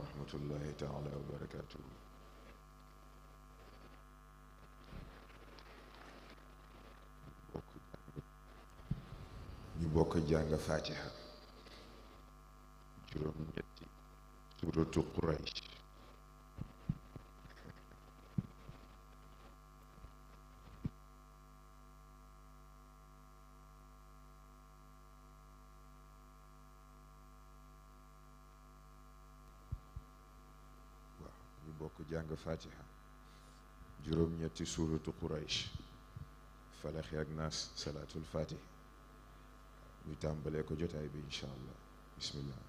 wa rahmatullahi taala wa barakatuhu ñu bokk jàng fatiha juróom ñetti suratu quraysh bokk jàng fatiha juróom-ñetti suuratu quraysh falaxi ak naas salaatul fatih ñu tàmbalee ko jotaay bi incha allah bismillah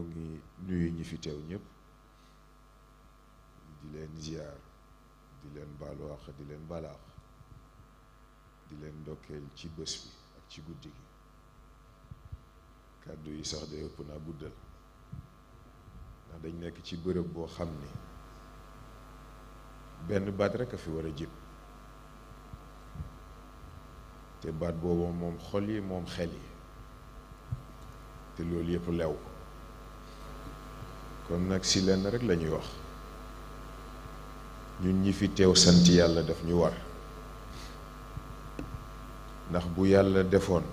mu ngi nuyu ñi fi teew ñëpp di leen ziar di leen baalu di leen balaax di leen ndokkeel ci bés bi ak ci guddi gi kàddu yi sax de ëpp naa guddal ndax dañ nekk ci bërëb boo xam ni benn baat rek a fi war a jib te baat boobu moom xol yi moom xel yi te loolu yëpp lew kon nag si rekk lañuy wax ñun ñi fi teew sant yàlla daf ñu war ndax bu yàlla defoon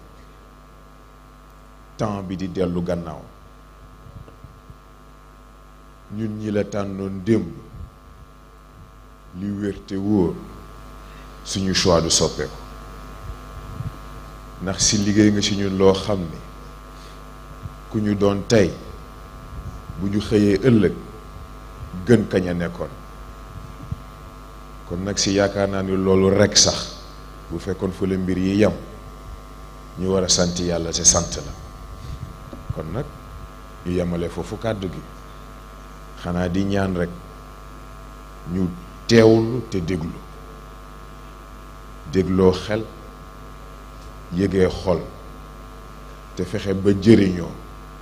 temps bi di dellu gannaaw ñun ñi la tànnoon démb li wér te wóor suñu choix du soppeeku ndax si liggéey nga si ñun loo xam ni ku ñu doon tey bu ñu xëyee ëllëg gën kañ a nekkoon kon nag si yaakaar naa ni loolu rekk sax bu fekkoon fa la mbir yi yem ñu war a sant yàlla si sant la kon nag ñu yemale foofu kàddu gi xanaa di ñaan rekk ñu teewlu te déglu dégloo xel yëgee xol te fexe ba jëriñoo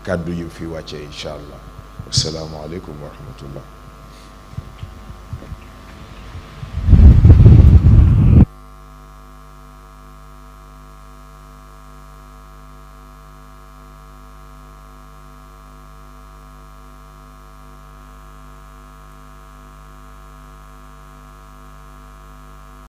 kàddu yi fi wàcce incha allah assalaamu aleykum wa rahmatullah